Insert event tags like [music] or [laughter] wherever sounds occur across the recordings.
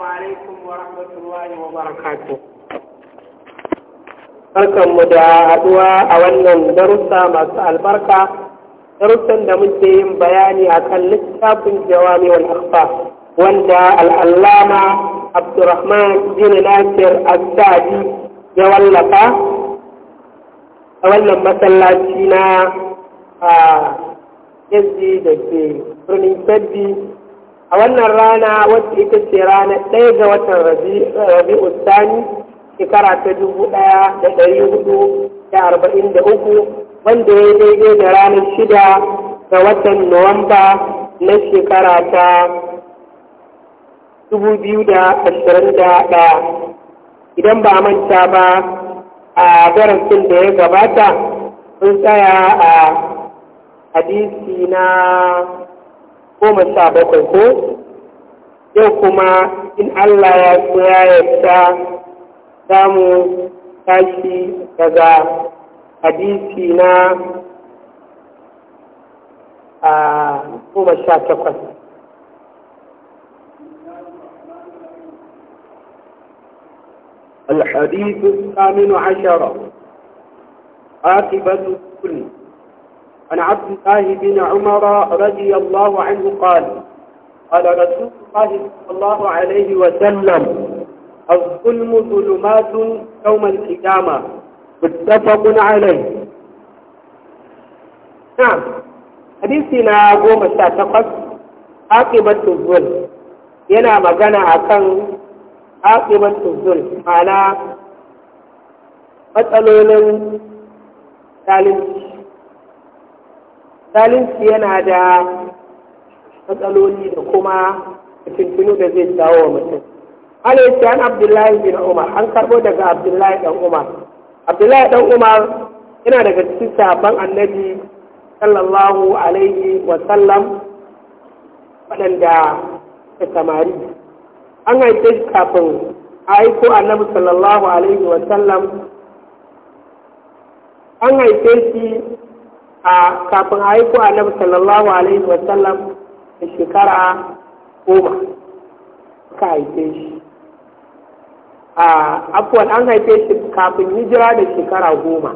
alaikum barkanmu da haɗuwa a wannan darussa masu albarka darussan da muke yin bayani a kan littafin jawami wal akhfa wanda al'allama abdurrahman bin nasir ya wallafa a wannan masallaci na a ah, yanzu da ke birnin sabbi a wannan rana wacce ita ce rana ɗaya ga watan rabi'u sani shekara ta dubu ɗaya da ɗari hudu da arba'in da uku wanda ya daidai da ranar shida ga watan nuwamba na shekara ta dubu biyu da ashirin da ɗaya idan ba manta ba a darasin da ya gabata sun tsaya a hadisi na goma sha bakwai ko yau kuma in Allah ya so ya yarda za mu tashi daga hadisi na a goma sha takwas الحديث الثامن عشر عاقبة الكل عن عبد الله بن عمر رضي الله عنه قال قال رسول الله صلى الله عليه وسلم الظلم ظلمات يوم القيامة متفق عليه نعم حديثنا قوم الشاتقس عاقبة الظلم ينا magana عقل عاقبة الظلم على mana matsalolin talinci zalunci yana da matsaloli da kuma fitintunu da zai jawo wa mutum alaiki an abdullahi bin umar an karɓo daga abdullahi dan umar abdullahi dan umar yana daga cikin sabon annabi sallallahu alaihi wa sallam waɗanda da samari an haife shi kafin aiko annabi sallallahu alaihi wa sallam an haife shi a kafin haiku annabi sallallahu alaihi wasallam da shekara goma suka haife shi a afuwan an haife shi kafin hijira da shekara goma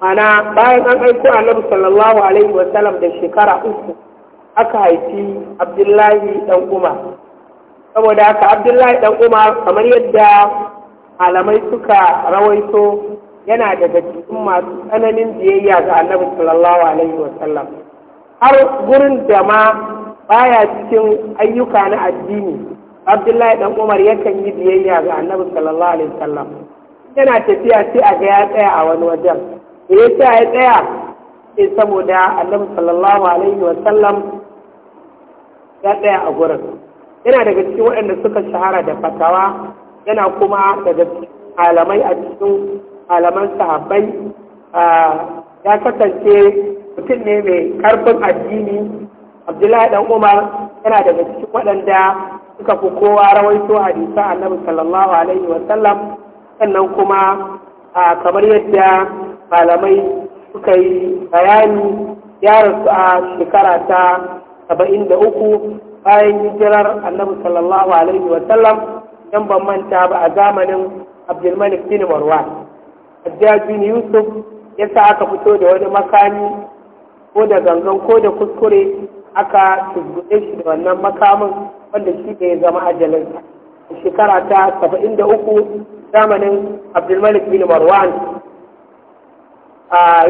mana bayan an aiko annabi sallallahu alaihi wasallam da shekara uku aka haifi abdullahi dan umar saboda haka abdullahi dan umar kamar yadda malamai suka rawaito yana daga cikin masu tsananin biyayya ga annabi sallallahu alaihi wasallam har gurin da ma baya cikin ayyuka na addini abdullahi dan umar yakan yi biyayya ga annabi sallallahu alaihi wasallam yana tafiya sai a ga ya tsaya a wani wajen da ya sa ya tsaya sai saboda annabi sallallahu alaihi wasallam ya tsaya a gurin yana daga cikin waɗanda suka shahara da fatawa yana kuma daga malamai a cikin malaman sahabbai ya kasance mutum ne mai karfin addini abdullahi dan umar yana daga cikin waɗanda suka fi kowa rawaito hadisa annabi sallallahu alaihi wasallam sannan kuma kamar yadda malamai suka yi bayani ya rasu a shekara ta saba'in da uku bayan hijirar annabi sallallahu alaihi wasallam don ban manta ba a zamanin abdulmalik bin marwan Hajjaj Yusuf ya sa aka fito da wani makami ko da gangan ko da kuskure aka tuzguɗe shi da wannan makamin wanda shi ne zama a Shekara ta saba'in da uku zamanin Abdulmalik bin Marwan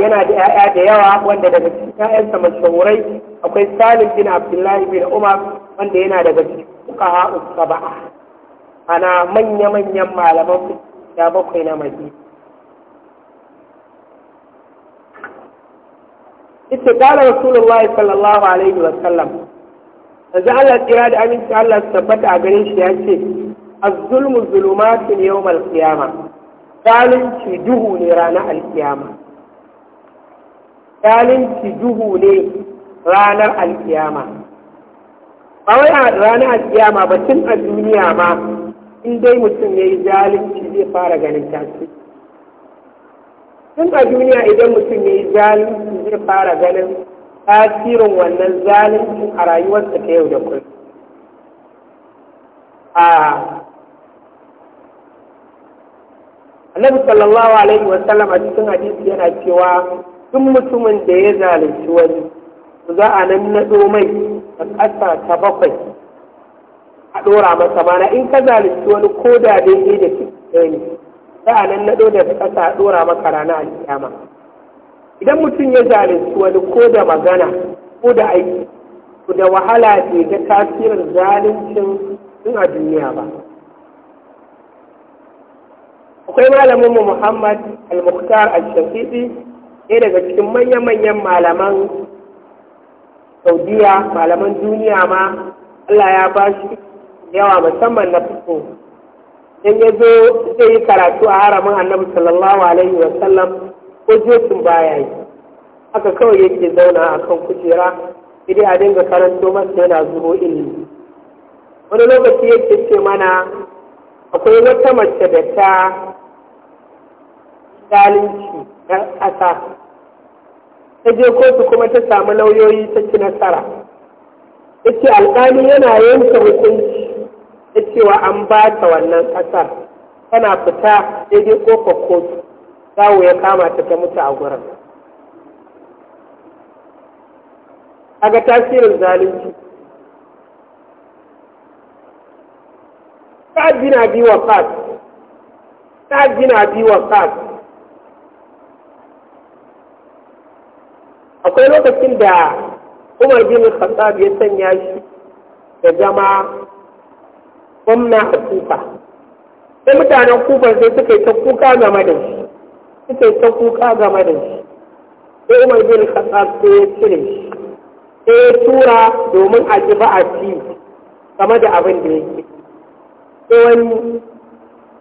yana da 'ya'ya da yawa wanda daga cikin 'ya'yansa mashahurai akwai Salim bin Abdullahi bin Umar wanda yana daga cikin fuqaha saba'a ana manya-manyan malaman fiqh bakwai na Madina ita kala rasulullahi sallallahu alaihi wa sallam yanzu Allah tsira da aminci Allah su tabbata a ganin shi ya ce az-zulmu zulumatun yawmal qiyama zalunci duhu ne ranar alkiyama zalunci duhu ne ranar alkiyama ba wai a ranar alkiyama ba tun a duniya ma in dai mutum ya yi zalunci zai fara ganin tasiri tun a duniya idan mutum ya yi zalunci zai fara ganin tasirin wannan zalunci a rayuwarsa ta yau da kullum annabi sallallahu alaihi wasallam a cikin hadisi yana cewa tun mutumin da ya zalunci wani za a nan na mai a ƙasa ta bakwai a ɗora masa mana in ka zalunci wani ko da daidai da cikin ne sai a nan naɗo da ƙasa a ɗora maka rana alƙiyama idan mutum ya zalunci wani ko da magana ko da aiki to da wahala bai ta tasirin zaluncin tun a duniya ba akwai malamin mu Muhammad al-Muqtar al-Shafiqi ɗaya daga cikin manya-manyan malaman Saudiya malaman duniya ma Allah ya ba shi yawa musamman na fito in ya zo zai yi karatu a haramin annabi sallallahu alaihi ko hujjocin baya yi haka kawai yake zauna a kan kujera idan a dinga karanto masa yana zubo ilimi wani lokaci yake ce mana akwai wata mace da ta zalunci na ƙasa ta je kotu kuma ta samu lauyoyi ta ci nasara ya ce alƙali yana yanka hukunci ta cewa an ba ta wannan ƙasar tana fita daidai kofar kotu zawo ya kama ta ta mutu a gurin aga tasirin zalunci sa'ad bin abi waqas sa'ad bin abi waqas akwai lokacin da Umar bin Khattab ya sanya shi da jama'a gwamna a kufa sai mutanen kufa sai suka yi ta kuka game da shi suka yi ta kuka game da shi sai umar bin khattab sai ya cire shi sai ya tura domin a ji ba'asi game da abin da yake sai wani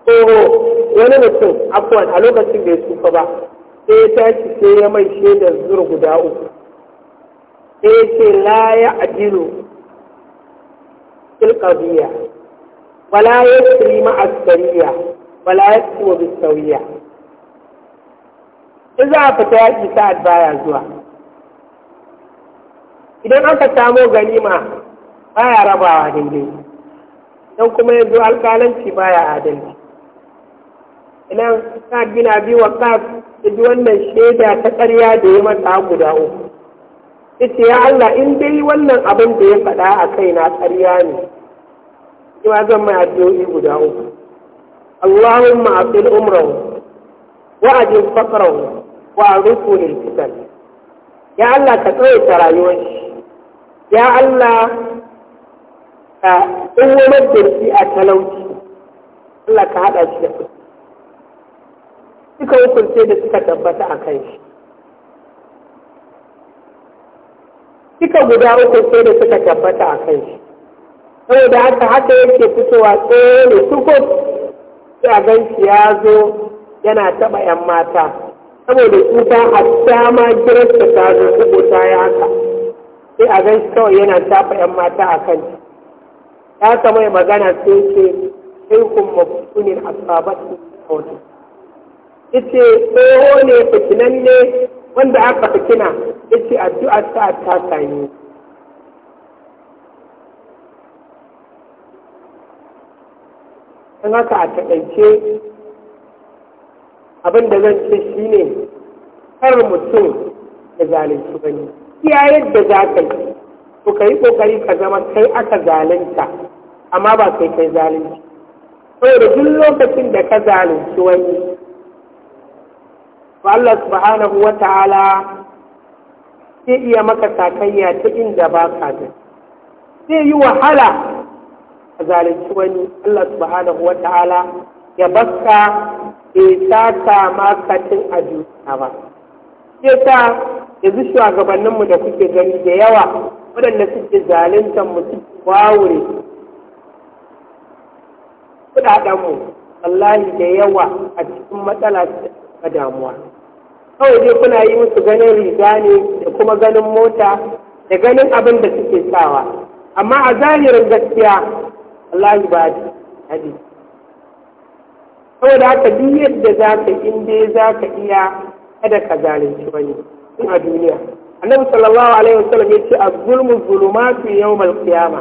tsoro wani mutum afuwan a lokacin bai tsufa ba sai ya tashi sai ya mai shaidar zur guda uku sai ya ce la ya adilu fil qadiyya ولا يسري مع asariya ولا yasri بالسوية إذا in za a fita yaƙi sa'ad baya zuwa idan aka samo ganima baya rabawa daidai don kuma yanzu alƙalanci baya adalci idan sa'ad bi wa waqas ji wannan shaida ta ƙarya da ya mata guda uku ita ya Allah in dai wannan abin da ya faɗa a kaina ƙarya ne kuma zan mai addu'o'i guda uku Allahumma afil umrahu wa ajil faqrahu wa arifu lil fitan ya Allah ka ta rayuwar shi ya Allah ka tsawamar da shi a talauci Allah ka haɗa shi da kuɗi suka hukunce da suka tabbata a kan shi Suka guda uku sai da suka tabbata a kan shi saboda haka haka yake fitowa tsaye ne tukut sai a gan shi ya zo yana taɓa 'yan mata saboda tsuta hatta ma girarsa ta zo rubuta ya haka sai a gan shi kawai yana taɓa 'yan mata a kan ya kama mai magana sai ce sai kuma sunin asabatu kawai ita tsoho ne fitinan ne wanda aka fitina ita addu'a ta ta sami don haka a taƙaice abin da zan ce shi ne kar mutum da zalunci bane iya yadda za ka yi to ka yi ƙoƙari ka zama kai aka zalunta amma ba kai kai zalunci saboda duk lokacin da ka zalunci wani ba Allah subhanahu wa ta'ala zai iya maka sakayya ta inda ba ka zai yi wahala ka zalunci wani Allah subhanahu wa ta'ala ya baka bai sata makacin a duniya ba ke sa yanzu shugabanninmu da kuke gani da yawa waɗanda suke zaluntar mutum wawure kuɗaɗenmu wallahi da yawa a cikin matsala ta damuwa kawai dai kuna yi musu ganin riga ne da kuma ganin mota da ganin abin da suke sawa amma a zahirin gaskiya Allah ba ji hadi saboda haka duk yadda za ka inda za ka iya kada ka zalunci wani in a duniya annabi sallallahu alaihi wasallam ya ce a zulmu zulumatu yawmal qiyama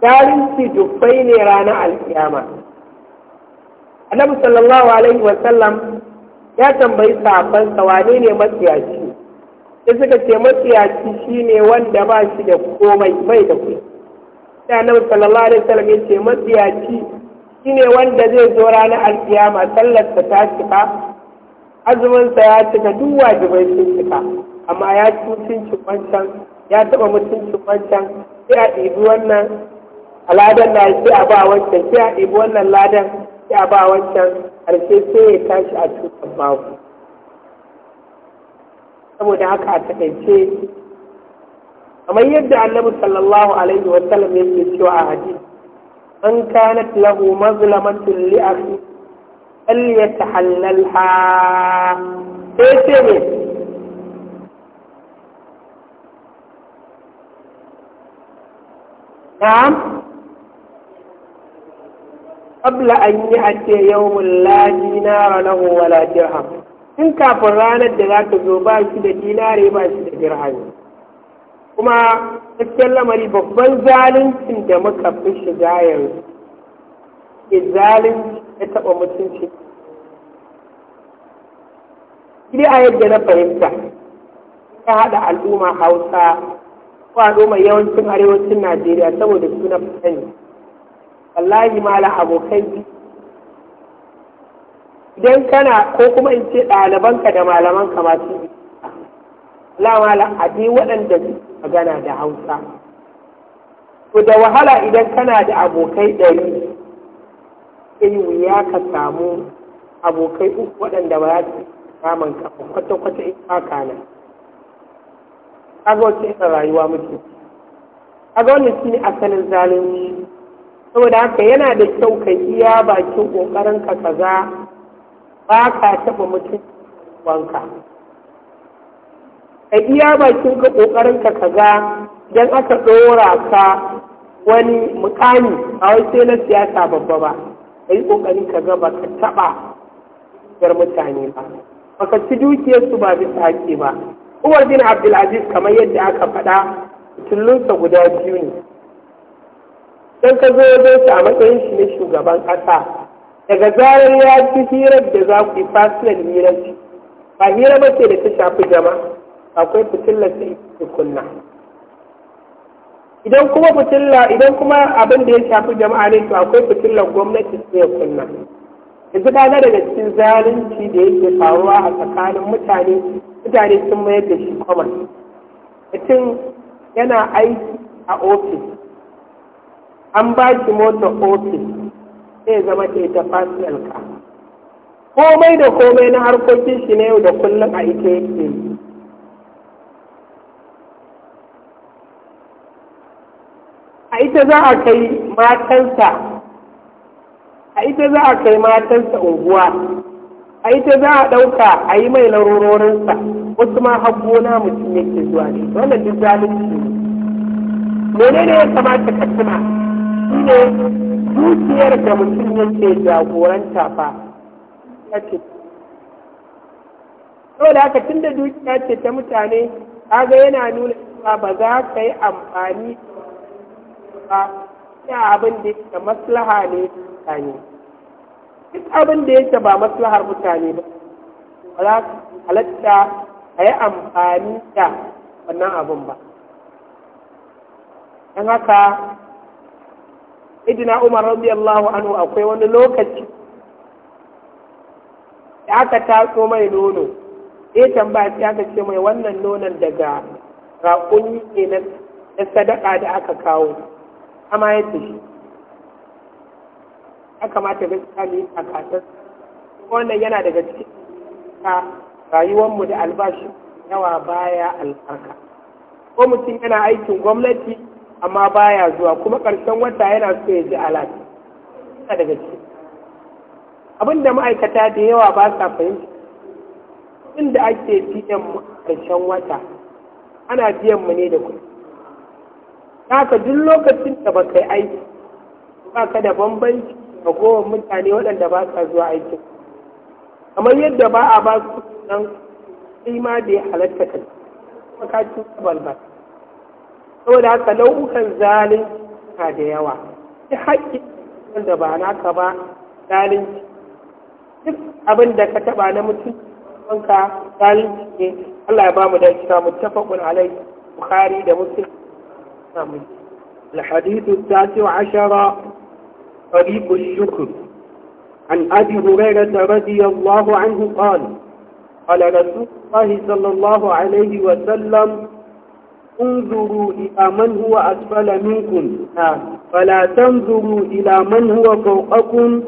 zalunci dubbai ne ranar alkiyama annabi sallallahu alaihi wasallam ya tambayi sahabbansa wane ne matsiyaci sai suka ce matsiyaci shine wanda ba shi da komai bai da kuɗi sai annabi sallallahu alaihi wasallam ya ce matsiyaci shine wanda zai zo ranar alkiyama sallarsa ta cika azuminsa ya cika duk wajibai sun cika amma ya cutunci wancan ya taba mutunci wancan sai a ɗibi wannan aladan na sai a ba wancan sai a ɗibi wannan ladan sai a ba wancan ƙarshe sai ya tashi a cutar babu saboda haka a taƙaice kamar yadda annabi sallallahu alaihi wasallam yake cewa a hadisi an kanat lahu mazlamatun li akhi fal yatahallalha sai ce ne na'am qabla an yi ake yawmun ladi na lahu wala dirham in kafin ranar da za ta zo ba shi da dinare ba shi da dirhami kuma cikin lamari babban zaluncin da muka fi shiga yanzu ke zalinci ya taɓa mutunci shi a yadda na fahimta ta haɗa al'umma hausa ko al'umma yawancin arewacin najeriya saboda suna sani wallahi mala abokai idan kana ko kuma in ce ɗalibanka da malamanka masu lawa la a waɗanda magana da hausa to da wahala idan kana da abokai ɗari sai wuya ka samu abokai uku waɗanda ba ya su samun ka kwata-kwata in haka nan kaga wacce ina rayuwa muke kaga wannan shine asalin zalunci saboda haka yana da kyau ka iya bakin ƙoƙarin ka kaza ba ka taɓa mutum wanka ka iya bakin ka kokarin ka kaga dan aka dora ka wani mukami a wai sai na siyasa babba ba ai kokarin ka ga baka taba gar mutane ba baka ci dukiyarsu ba bisa haƙƙi ba Umar bin Abdulaziz kamar yadda aka faɗa tullunsa guda biyu ne dan ka zo wajen shi a matsayin shi na shugaban ƙasa daga zarar ya ci hirar da za ku yi fasilan hirar ba hira ba ce da ta shafi jama'a akwai fitilla ta ita kunna idan kuma fitilla idan kuma abin da ya shafi jama'a ne to akwai fitilar gwamnati sai kunna yanzu kaga daga cikin zalunci da yake faruwa a tsakanin mutane mutane sun mayar da shi kwamar mutum yana aiki a ofis an ba shi mota ofis zai zama ke ta fasiyar ka komai da komai na harkokin shi na yau da kullum a ita yake yi a ita za a kai matansa a ita za a kai matansa unguwa a ita za a ɗauka a yi mai larurorinsa wasu ma na mutum yake zuwa ne wanda duk zalunci ne menene ya kamata ka tuna shi ne dukiyar da mutum yake jagoranta fa yake saboda haka da dukiya ce ta mutane kaga yana nuna cewa ba za ka yi amfani muwafaqa da abin da yake maslaha ne mutane duk abin da yake ba maslahar mutane ba su halatta a yi amfani da wannan abin ba don haka idina umar radiyallahu anhu akwai wani lokaci da aka taso mai nono ya tambaya sai aka ce mai wannan nonon daga raƙon ne na sadaka da aka kawo amayar da shi ya kamata gaskiya mu a kasar wannan yana daga cikin ta rayuwarmu da albashi yawa baya alfarka ko mutum yana aikin gwamnati amma baya zuwa kuma ƙarshen wata yana so ya ji alaƙa yana daga cikin abin da ma'aikata da yawa ba sa fahimta inda ake biyan ƙarshen wata ana biyan mu ne da kuɗi haka duk lokacin da ba kai aiki ba ka da bambanci da kowa mutane waɗanda ba sa zuwa aiki kamar yadda ba a ba su nan ma da ya halatta ka kuma ka ci balbal saboda haka nau'ukan zalunci na da yawa Ki haƙƙi wanda ba naka ba zalunci duk abin da ka taɓa na mutum wanka zalunci ne Allah ya ba mu da shi mu muttafaqun alai Bukhari da Muslim الحديث التاسع عشر طريق الشكر عن أبي هريرة رضي الله عنه قال قال رسول الله صلى الله عليه وسلم انظروا إلى من هو أسفل منكم فلا تنظروا إلى من هو فوقكم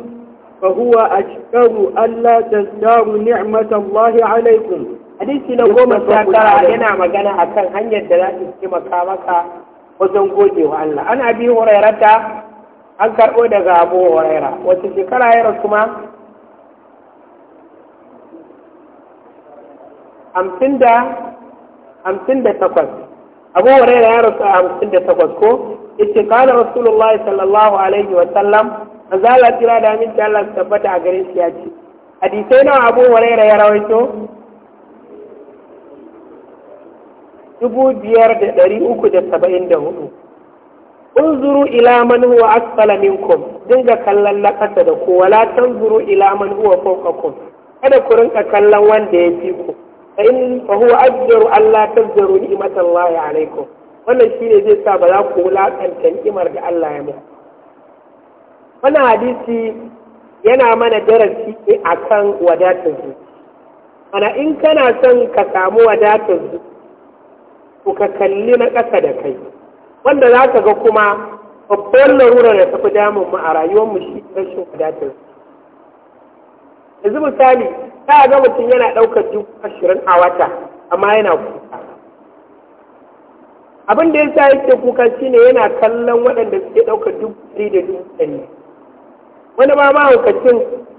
فهو أشكر ألا تزداروا نعمة الله عليكم hadisi na goma sha tara yana magana akan hanyar da za su taimaka maka wajen goge wa Allah an abi hurairata an karɓo daga abu huraira wace shekara ya rasu ma hamsin da hamsin da takwas abu huraira ya rasu a hamsin da takwas ko yace kala rasulullahi sallallahu alaihi wa sallam zala tira da aminci Allah tabbata a garin shi ya ce hadisai nawa abu huraira ya rawaito dubu biyar da ɗari uku da saba'in da hudu unzuru ila man huwa asfala minkum dinga kallon lakasa da ku wala tanzuru ila man huwa fawqakum kada ku rinka kallon wanda ya fi ku fa in fa huwa Allah alla tazdaru ni'matallahi alaikum wannan shine zai sa ba za ku wulakanta ni'imar da Allah ya muku wannan hadisi yana mana darasi akan wadatar zuci ana in kana son ka samu wadatar zuci Ku ka kalli na ƙasa da kai wanda za ka ga kuma babban larura da tafi damun mu a rayuwarmu shi rashin wadatar yanzu misali ta ga mutum yana ɗaukar dubu ashirin a wata amma yana kuka abin da ya sa yake kuka shine yana kallon waɗanda suke ɗaukar duk ɗari da duk ɗari wani ma mahaukacin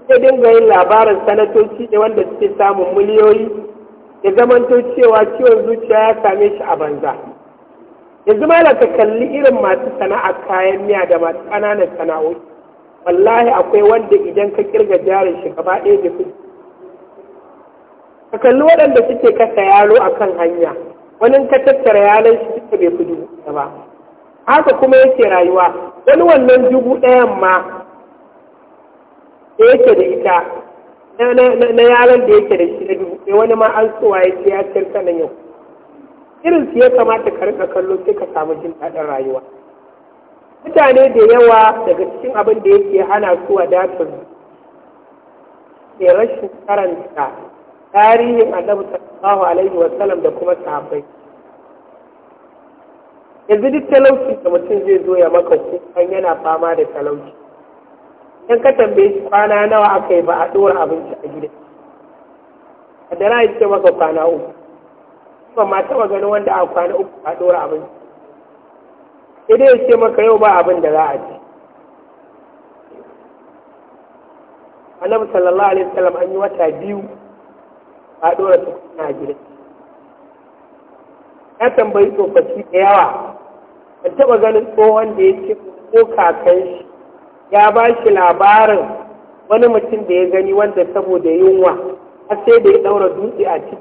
ya dinga yin labarin sanatoci ne wanda suke samun miliyoyi ya zamanto cewa ciwon zuciya ya same shi a banza yanzu ma ka kalli irin masu sana'a kayan miya da masu ƙananan sana'o'i wallahi akwai wanda idan ka kirga jarin shi gaba ɗaya da kuɗi ka kalli waɗanda suke kasa yalo a kan hanya wani ka tattara yalon shi suka bai fi dubu ba haka kuma yake rayuwa wani wannan dubu ɗayan ma da yake da ita na yaran da yake da shi da dubu ɗaya wani ma an tsowa ya ce ya ciyar sanan yau irin su ya kamata ka rika kallo sai ka samu jin daɗin rayuwa mutane da yawa daga cikin abin da yake hana su wadatar ke rashin karanta tarihin annabi sallallahu alaihi wa sallam da kuma sahabbai yanzu duk talauci da mutum zai zo ya maka kukan yana fama da talauci in ka tambaye shi kwana nawa aka yi ba a ɗora abinci a gida a da ya ce maka kwana uku ba ma taɓa ganin wanda a kwana uku a ɗora abinci idan ya ce maka yau ba abin da za a ci annabi sallallahu alaihi wasallam an yi wata biyu a ɗora su a gida ya tambayi tsofaffi da yawa ban taɓa ganin tsohon da ya ce ko kakan shi ya ba shi labarin wani mutum da ya gani wanda saboda yunwa har sai da ya ɗaura dutse a ciki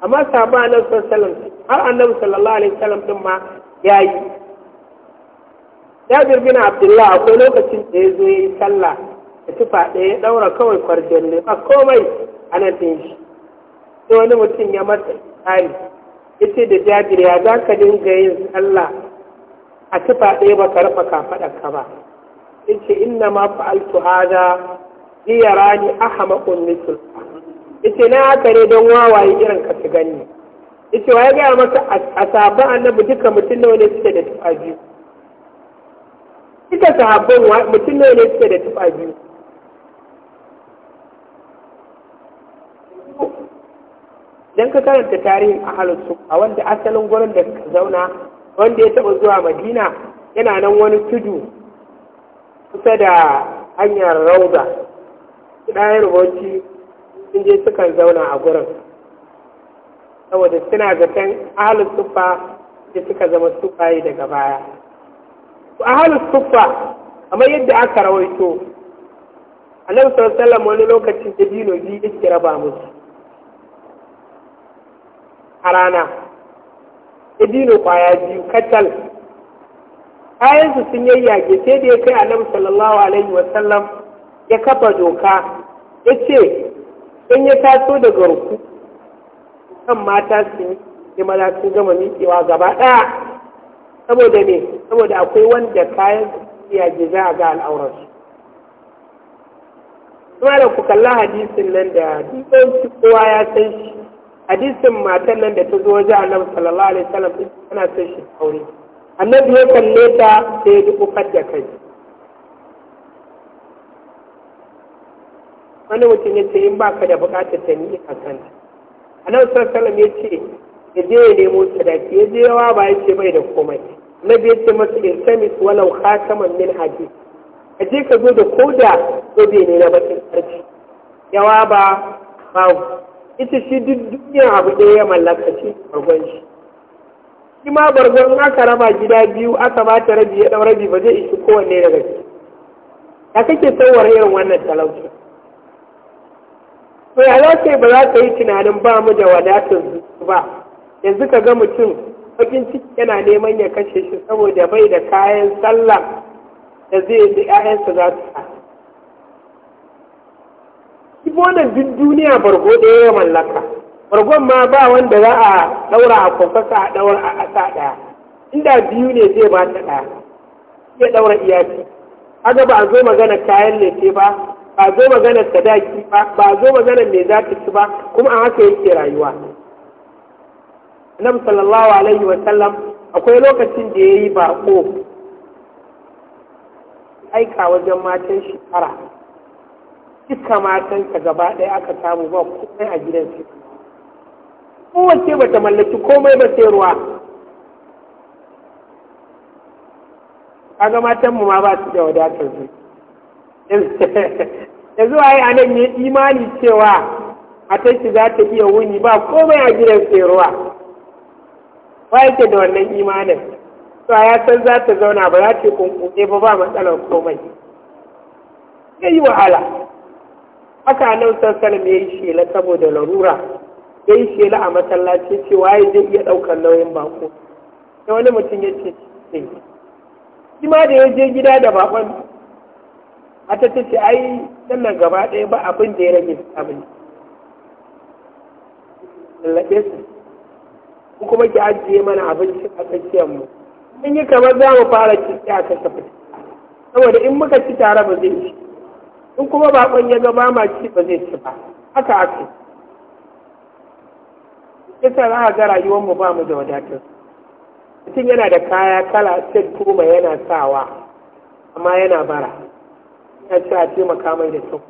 amma sabon annabi sallallahu har annabi sallallahu alaihi wasallam din ma ya yi ya bin Abdullahi akwai lokacin da ya zo ya yi sallah da tufa ɗaya ya ɗaura kawai kwarjan ne a komai a nan ɗin shi sai wani mutum ya masa tsari ya ce da jajiri ya za ka dinga yin sallah a tufa ɗaya ba ka rufe ka ba in ce inna ma fa'altu hada iya rani ahamakon in ce na haka ne don wawaye irin ka su gani ce wa ya gaya masa a sabon annabi duka mutum nawa ne suke da tufa biyu duka sahabban mutum nawa ne suke da tufa biyu dan ka karanta tarihin ahalus a wanda asalin gurin da suka zauna wanda ya taɓa zuwa madina yana nan wani tudu kusa da hanyar rauda ɗayan rubuci sun je sukan zauna a gurin saboda suna zaton ahalus tuffa da suka zama sufaye daga baya ahalus tuffa kamar yadda aka rawaito a nan sallallahu wani lokacin da dino biyu yake raba musu a rana dabino kwaya biyu kacal kayansu sun yayyage sai da ya kai annabi sallallahu alaihi sallam ya kafa doka ya ce in ya taso daga ruku kan mata su yi maza sun gama miƙewa gaba ɗaya saboda ne saboda akwai wanda kayan su yayyage za a ga al'aurarsu kuma da ku kalla hadisin nan da duk kowa ya san shi hadisin matan nan da ta zo wajen annabi sallallahu alaihi wasallam tana son shi aure annabi ya kalle ta sai ya dukkan da kai wani mutum ya ce in ba ka da bukatar ta ni a kanta annabi sallallahu alaihi wasallam ya ce ya je ya nemo sadaki ya je yawa ba ya ce bai da komai annabi ya ce masa irtamis walau khataman min hadid a je ka zo da koda zobe ne na bakin sarki yawa ba babu ita shi duk duniya abu da ya mallaka shi bargon shi shi ma bargon in aka raba gida biyu aka bata rabi ya ɗau rabi ba zai ishi kowanne daga shi. ya kake sauwar irin wannan talauci to ya za ba za ka yi tunanin ba mu da wadatar zuwa ba yanzu ka ga mutum bakin ciki yana neman ya kashe shi saboda bai da kayan sallah da zai da 'ya'yansa za su sa da duk duniya bargo ɗaya ya mallaka bargon ma ba wanda za a ɗaura a kwafasa a ɗaura a ƙasa ɗaya inda biyu ne zai ba ta ɗaya ya ɗaura iyaki haka ba a zo magana kayan lefe ba ba a zo magana sadaki ba ba a zo magana me za ta ci ba kuma a haka yake rayuwa annabi sallallahu alaihi wa sallam akwai lokacin da ya yi baƙo aika wajen matan shekara duka ka gaba ɗaya aka samu ba komai a gidansu kowace ba ta mallaki komai ba sai ruwa kaga mu ma ba su da wadatar su [laughs] yanzu a yi a nan ne imani cewa matan shi za ta iya wuni ba komai a gidan sai ruwa ba yake da wannan imanin to ya san za ta zauna ba za ta kunkuɗe ba ba matsalar komai Ya yi wahala haka nan sassanin ya yi shela saboda larura ya yi shela a masallaci cewa ya zai iya ɗaukar nauyin bako sai wani mutum ya ce ce eh. shi ma da ya je gida da bakon a ta ce ai sannan gaba ɗaya ba abin da ya rage su abin lallaɓe su ko kuma ki ajiye mana abinci a tsakiyar mu in yi kamar za mu fara ci a kashe fita saboda in muka ci tare ba zai ci in kuma baƙon ya ga ba ma ba zai ci ba haka ake isa za a ga rayuwarmu ba mu da wadatar mutum yana da kaya kala sai kuma yana sawa amma yana bara ya ce a ce makamai da kyau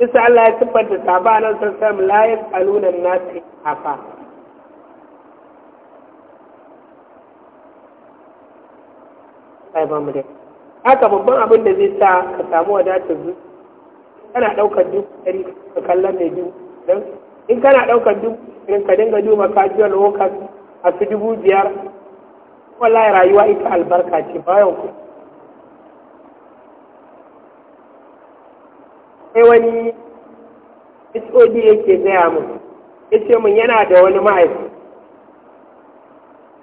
isa Allah ya tabbata sabanan nan sassan layin yasaluna nasi fa Allah ya ba mu dai haka babban abin da zai sa ka samu wadatar zu kana daukar duk dari ka kallon mai biyu don in kana daukar duk ɗari ka dinga duba casual workers a su dubu biyar wallahi rayuwa ita albarka ce bayan ku sai wani hod yake gaya min ya ce min yana da wani ma'aikaci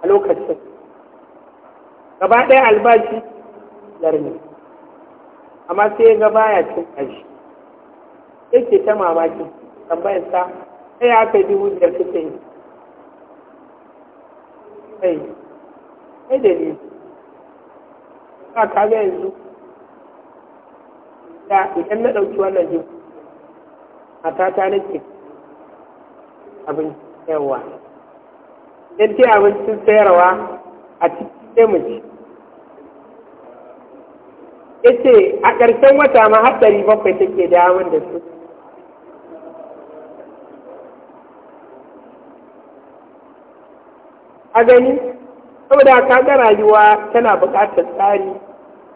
a lokacin gaba ɗaya albashi larni amma sai ya ga baya cin kashi. yake ta mamaki tambayar sa sai aka yi dubu biyar suke yi kai kai da ni ka kaga yanzu da idan na ɗauki wannan jin a tata nake abin yawa idan ce abincin sayarwa a cikin sai ya a ƙarshen wata ma har bakwai take damun da su a gani saboda ka ga rayuwa tana buƙatar tsari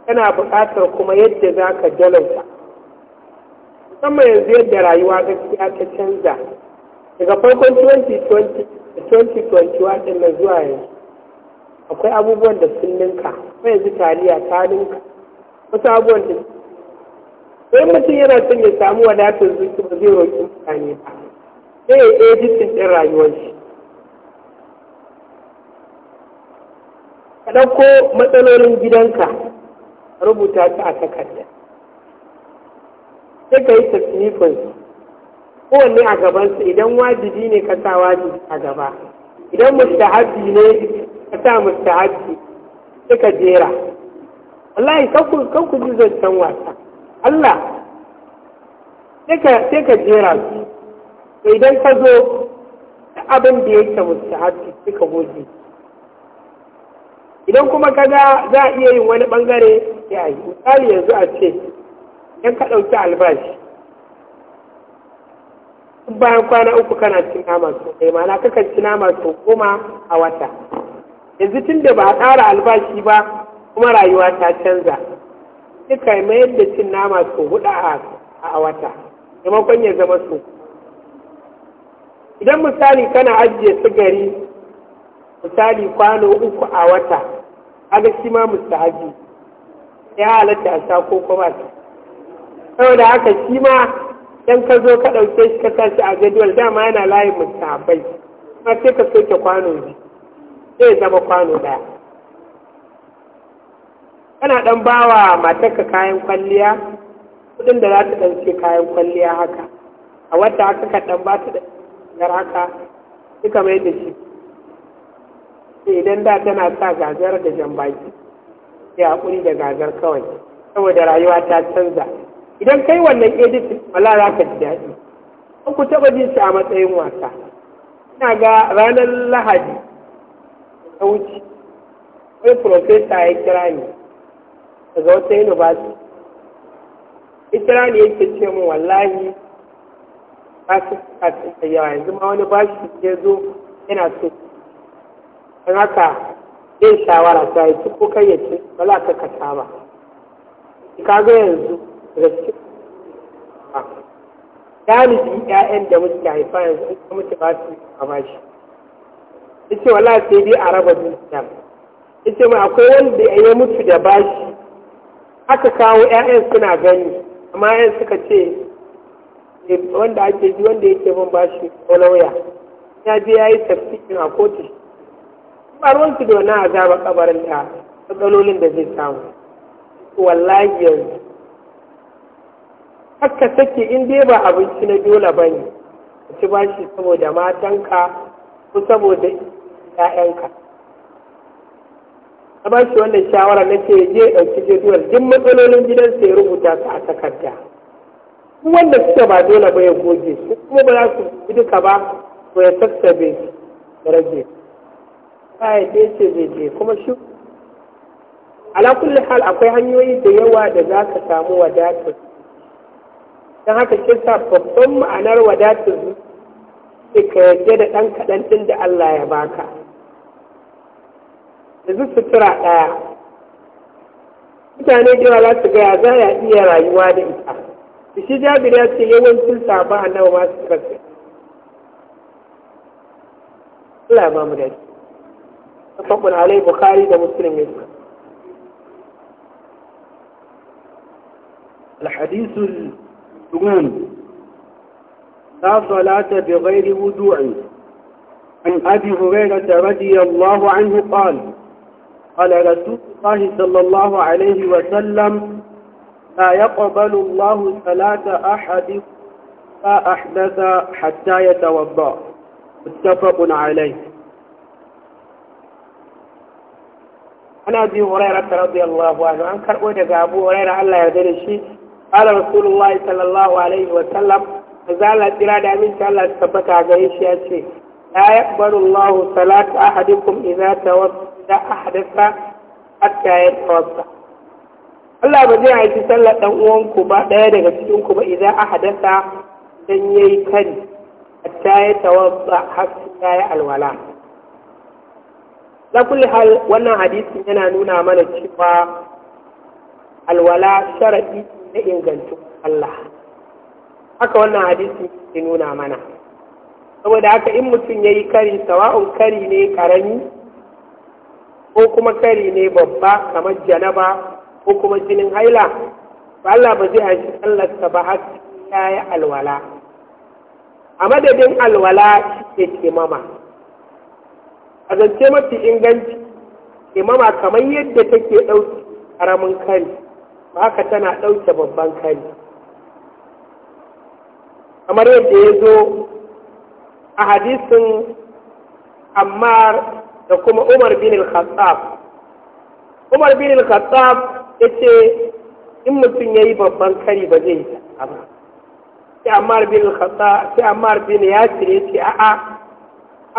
tana buƙatar kuma yadda za ka jalauta musamman yanzu yadda rayuwa gaskiya ta canza daga farkon 2020 ɗin na zuwa yanzu akwai abubuwan da sun ninka yanzu taliya ta ninka wasu abubuwan da sai mutum yana son ya samu wadatar zuci ba zai roƙi mutane ba sai ya ɗaya jikin ɗin rayuwar shi ka ɗauko matsalolin gidanka rubuta su a takarda sai ka yi tasnifinsu kowanne a gabansa idan wajibi ne ka sa wajibi a gaba idan mustahabbi ne ka sa mustahabbi sai ka jera wallahi kan ku ji zancen wasa Allah sai ka jera su idan ka zo da abin da yake mustahabi sai ka goge idan kuma ka za a iya yin wani bangare ya yi misali yanzu a ce idan ka ɗauki albashi bayan kwana uku kana cin nama sau ɗaya ma'ana kakan ci nama goma a wata yanzu tun da ba a ƙara albashi ba kuma rayuwa ta canza duka mai yadda cin nama su hudu a wata maimakon ya zama su idan misali kana ajiye sigari misali kwano uku a wata aga shi ma mustahabi ya halatta a sha ko kuma saboda haka shi ma dan ka zo ka ɗauke shi ka tashi a jadwal dama yana layin mustahabai kuma sai ka soke kwano biyu zai zama kwano ɗaya kana ɗan bawa matarka kayan kwalliya kudin da za ta ɗan ce kayan kwalliya haka a wata haka ka ɗan ba ta da haka duka mai da shi idan da tana sa gagar da jan baki sai hakuri da gagar kawai saboda rayuwa ta canza idan kai wannan edit wala za ka ji daɗi an ku taɓa jin shi a matsayin wasa ina ga ranar lahadi ta wuce wai profesa ya kira ni daga wata university isra ne yake ce mu wallahi a yawa yanzu ma wani shi ya zo yana so don haka Yin shawara ta yi ci ko kai ya ci ba za ka kasa ba ka ga yanzu daga cikin ah. galibi ƴaƴan da muke haifa yanzu in ka mutu ba su a shi ita wala sai dai a raba dukiya ita ma akwai wanda ya mutu da bashi aka kawo 'ya'yan suna gani amma 'ya'yan suka ce eh, wanda ake ji wanda yake min bashi ko lauya ya je ya yi tafsikin a kotu ɓarwar su da wani azaba kabarin da matsalolin da zai samu wallahi yanzu haka take in dai ba abinci na dole ba ne ci bashi saboda matanka ko saboda 'ya'yanka na ba shi wannan shawara na ce je ɗauki jadwal duk matsalolin gidansa ya rubuta su a takarda wanda suka ba dole ba ya goge su kuma ba za su duka ba ko ya sassabe su rage ba ya je ce zai je kuma shi ala hal akwai hanyoyi da yawa da za ka samu wadatar don haka shi sa babban ma'anar wadatar su ka yarda da ɗan kaɗan ɗin da Allah ya baka. da duk sutura ɗaya mutane jira za su gaya za a iya rayuwa da ita da shi jabir ya ce yawancin sabon annabi ma su karfe Allah ba mu dace tafakun alai bukhari da muslim ne الحديث الثماني لا صلاة بغير وضوء عن أبي هريرة رضي الله عنه قال على رسول الله صلى الله عليه وسلم لا يقبل الله صلاة أحد أحدث حتى يتوضأ متفق عليه عن أبي هريرة رضي الله عنه عن كرؤون أبو هريرة الله يرضي شيء قال رسول الله صلى الله عليه وسلم فزال الإرادة من شاء الله تثبت عليه شيء لا يقبل الله صلاة أحدكم إذا توضأ da ahadasa ta ya tawassa Allah ba zai haifi sallar ɗan uwanku ba ɗaya daga cikin ku ba idan ahadasa ya yi kari hatta ya tawassa har ta yi alwala Za kulli hal wannan hadisin yana nuna mana cewa alwala sharaɗi na ingancin Allah haka wannan hadisin ke nuna mana saboda haka in mutum ya yi kari sawa'un kari ne karami ko kuma kari ne babba kamar janaba ko kuma jinin haila ba Allah ba zai haifi ta ba har ta yi alwala a madadin alwala shi ke mama a zance mafi inganci imama kamar yadda take ɗauki ƙaramin kari ba haka tana ɗauke babban kari kamar yadda ya zo a hadisin ammar da kuma Umar bin al-Khattab Umar bin al-Khattab yace in mutum yayi babban kari ba zai yi ba sai Ammar bin al-Khattab sai Ammar bin Yasir yace a'a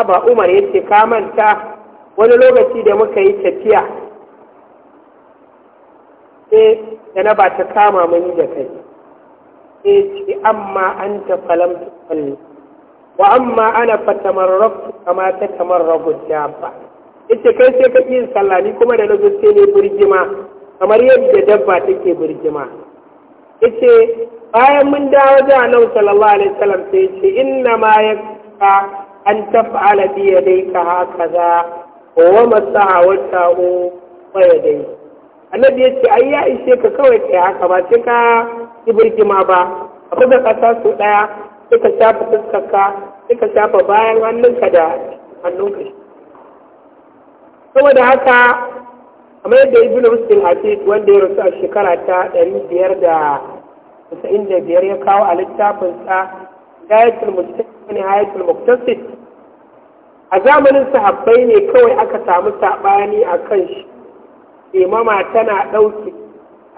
aba Umar yace ka manta wani lokaci da muka yi tafiya sai eh, da na ba ta kama mani da kai sai eh, amma an falam ta wa amma ana fatamarraku kama ta tamarraku dabba ita kai sai ka yin sallah ni kuma da na zo sai ne burgima kamar yadda dabba take birgima. ita bayan mun dawo da nan sallallahu alaihi wasallam sai ce inna ma yaka an taf'ala bi yadayka hakaza wa masaha wa ta'u wa yadayka annabi ya ce ai ya ishe ka kawai kai haka ba sai ka yi birgima ba abu da ƙasa su ɗaya suka shafa fuskarka suka shafa bayan hannunka da hannunka saboda haka kamar yadda ibn muslim hafiz wanda ya rasu a shekara ta ɗari biyar da tasa'in da biyar ya kawo a littafin sa, gayatul mustaqbal hayatul sit. a zamanin sahabbai ne kawai aka samu saɓani a kan shi imama tana ɗauki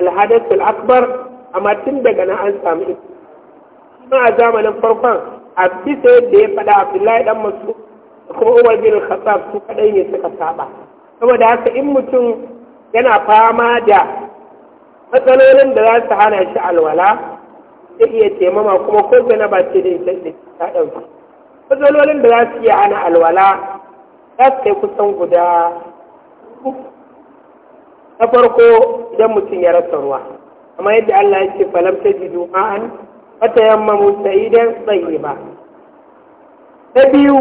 alhadatul akbar amma tun daga nan an samu ita tun a zamanin farkon a bisa yadda ya faɗa a abdullahi dan masu kuma umar bin khattab su kaɗai ne suka saba saboda haka in mutum yana fama da matsalolin da za su hana shi alwala zai iya taimama kuma ko gana ba ce da ita ta ɗauki matsalolin da za su iya hana alwala za su kai kusan guda na farko idan mutum ya rasa ruwa kamar yadda Allah ya ce falam du'a an yamma idan yi ba. na biyu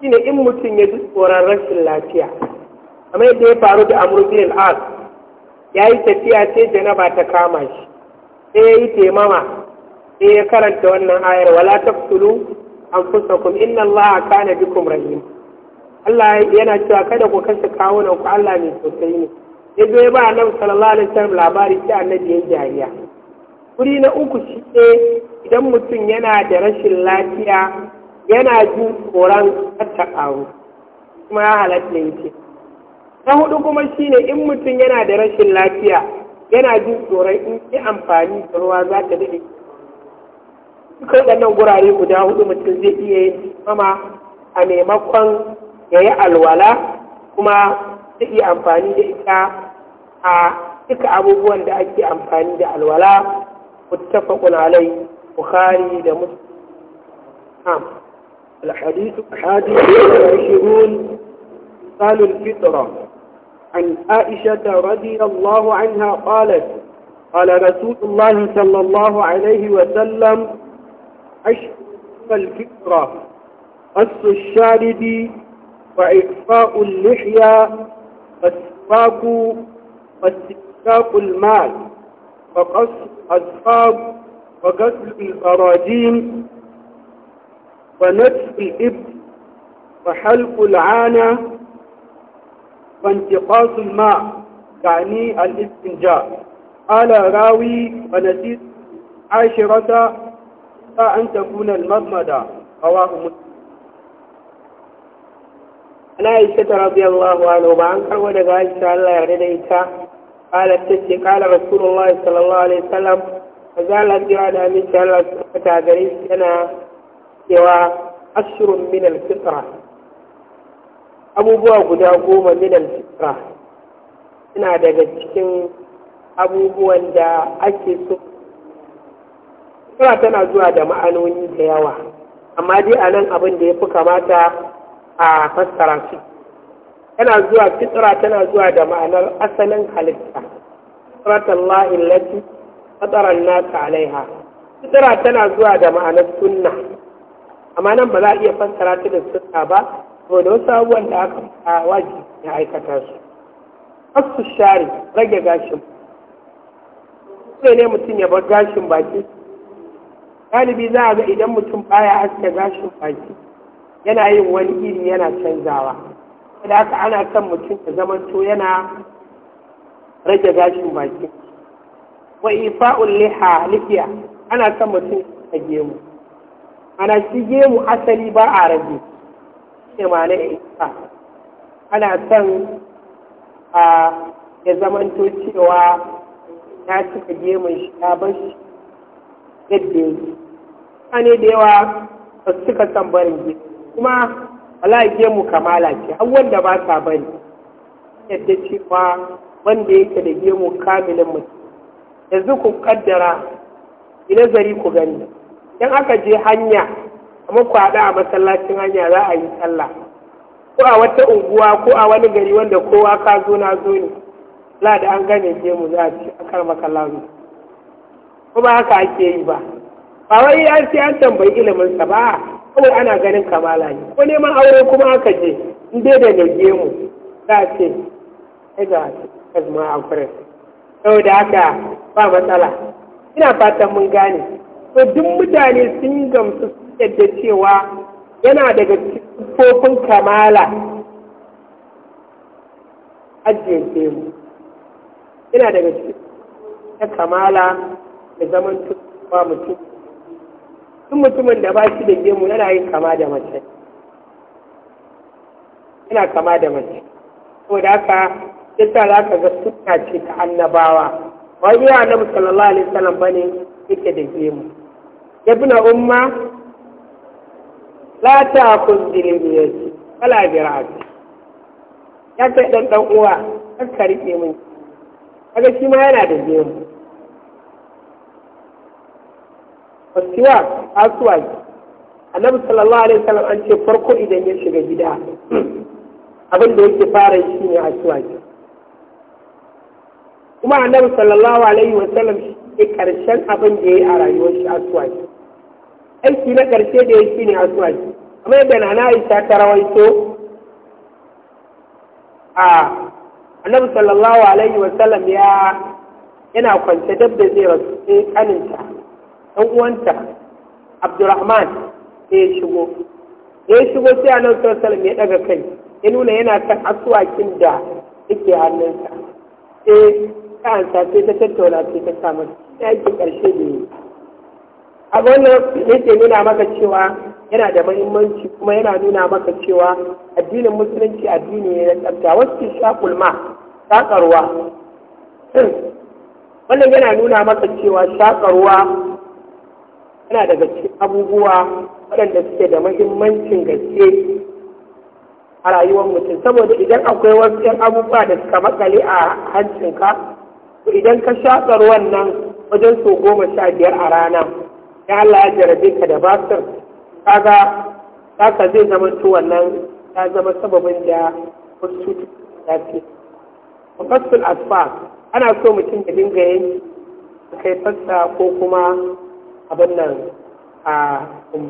shine in mutum ya ji tsoron rashin lafiya amma yadda ya faru da amur Al’ad, ya yi tafiya sai ba ta kama shi sai ya yi taimama sai ya karanta wannan ayar wala taqtulu anfusakum inna a kana bikum rahim Allah yana cewa kada ku kashe kawunan ku Allah mai sosai ne yazo ya ba annabi sallallahu alaihi wasallam labari sai annabi ya jariya wuri na uku shi ne idan mutum yana da rashin lafiya yana jin tsoron ta ƙaru kuma ya halatta yake na hudu kuma shi ne in mutum yana da rashin lafiya yana jin tsoron in yi amfani da ruwa za ta daɗe duka waɗannan gurare guda hudu mutum zai iya yin mama a maimakon ya yi alwala kuma zai iya amfani da ita a duka abubuwan da ake amfani da alwala متفق عليه بخاري لمسلم نعم الحديث الحادي والعشرون قال الفطرة عن عائشة رضي الله عنها قالت قال رسول الله صلى الله عليه وسلم عشر الفطرة قص الشارب وإعفاء اللحية والسواك واستساق المال وقص الصاب وقتل البراجين ونسف الإبل وحلق العانة وانتقاص الماء يعني الاستنجاء قال راوي ونسيت عاشرة أن تكون المضمدة رواه مسلم ana عائشة ta الله عنه wa ba an karbo daga aisha Allah yarda da قالت تشي قال رسول الله صلى الله عليه وسلم فزالت جوا da aminci su fata gare yana cewa ashirun min al-fitra abubuwa guda goma min al suna daga cikin abubuwan da ake so fitra tana zuwa da ma'anoni da yawa amma dai anan abin da ya fi kamata a fassara shi tana zuwa fitra tana zuwa da ma'anar asalin halitta fitratallahi allati fatara nas 'alayha fitra tana zuwa da ma'anar sunna amma nan ba za a iya fassara ta da sunna ba da wasu abubuwan da aka a waji ya aikata su asu shari rage gashin kuma ne mutum ya bar gashin baki galibi za a ga idan mutum baya aske gashin baki yana yin wani iri yana canzawa da aka ana kan mutum ya to yana rage gashin baki wa ifa'ul liha lifiya ana kan mutum ya gemu ana shi gemu asali ba a rage ne ma na ifa ana son a ya zamanto cewa ya cika gemun shi ya bar shi yadda yi. ne da yawa ba su cika barin gemu kuma Allah ya mu kamala ce har wanda ba sa bari yadda cewa wanda yake da gemu kamilin mutum yanzu ku kaddara ina nazari ku gani idan aka je hanya amma ku haɗa a masallacin hanya za a yi sallah ko a wata unguwa ko a wani gari wanda kowa ka zo na zo ne la da an gane gemu za a ci a kar makallahu ko ba haka ake yi ba ba wai an sai an tambayi ilimin sa ba kawai ana ganin kamala ne ko neman aure kuma aka je in dai da gaje mu za ce ga kazma a sau da haka ba matsala ina fatan mun gane to duk mutane sun gamsu yadda cewa yana daga cikin kamala ajiye mu yana daga cikin kamala da zaman tukuwa mutum duk mutumin da ba shi da gemu yana yin kama da mace yana kama da mace saboda haka yasa za ka ga sunna ce ta annabawa ba yi annabi sallallahu alaihi wasallam ne yake da gemu na umma la ta'khudh bi kala wala a ce. ya kai dan dan uwa kakka rike min kaga shi ma yana da gemu fasiwa asuwaki annabi sallallahu alaihi wasallam an ce farko idan ya shiga gida abin da yake fara shi ne asuwaki kuma annabi sallallahu alaihi wasallam shi karshen abin da ya yi a rayuwar shi asuwaki aiki na karshe da ya shi ne asuwaki kuma yadda na Aisha ta rawaito a annabi sallallahu alaihi wasallam ya yana kwance dab da zai rasu sai kaninta ɗan uwanta abdurrahman ya shigo ya shigo sai anan sallallahu alaihi ya ɗaga kai ya nuna yana kan asuwakin da yake hannunsa sai ta ansa sai ta tattauna sai ta samu ya yake ƙarshe da yi a wannan yake nuna maka cewa yana da mahimmanci kuma yana nuna maka cewa addinin musulunci addini ne na tsafta wasu shakul ma shakarwa wannan yana nuna maka cewa shakarwa yana daga cikin abubuwa waɗanda suke da mahimmancin gaske a rayuwar mutum saboda idan akwai wasu 'yan abubuwa da suka makale a hancinka to idan ka shatsar wannan wajen so goma sha biyar a rana ya Allah ya jarabe ka da basir kaga haka zai zama to wannan ya zama sababin da wasu ya ce asfa ana so mutum ya dinga yanki kai fassa ko kuma abin nan a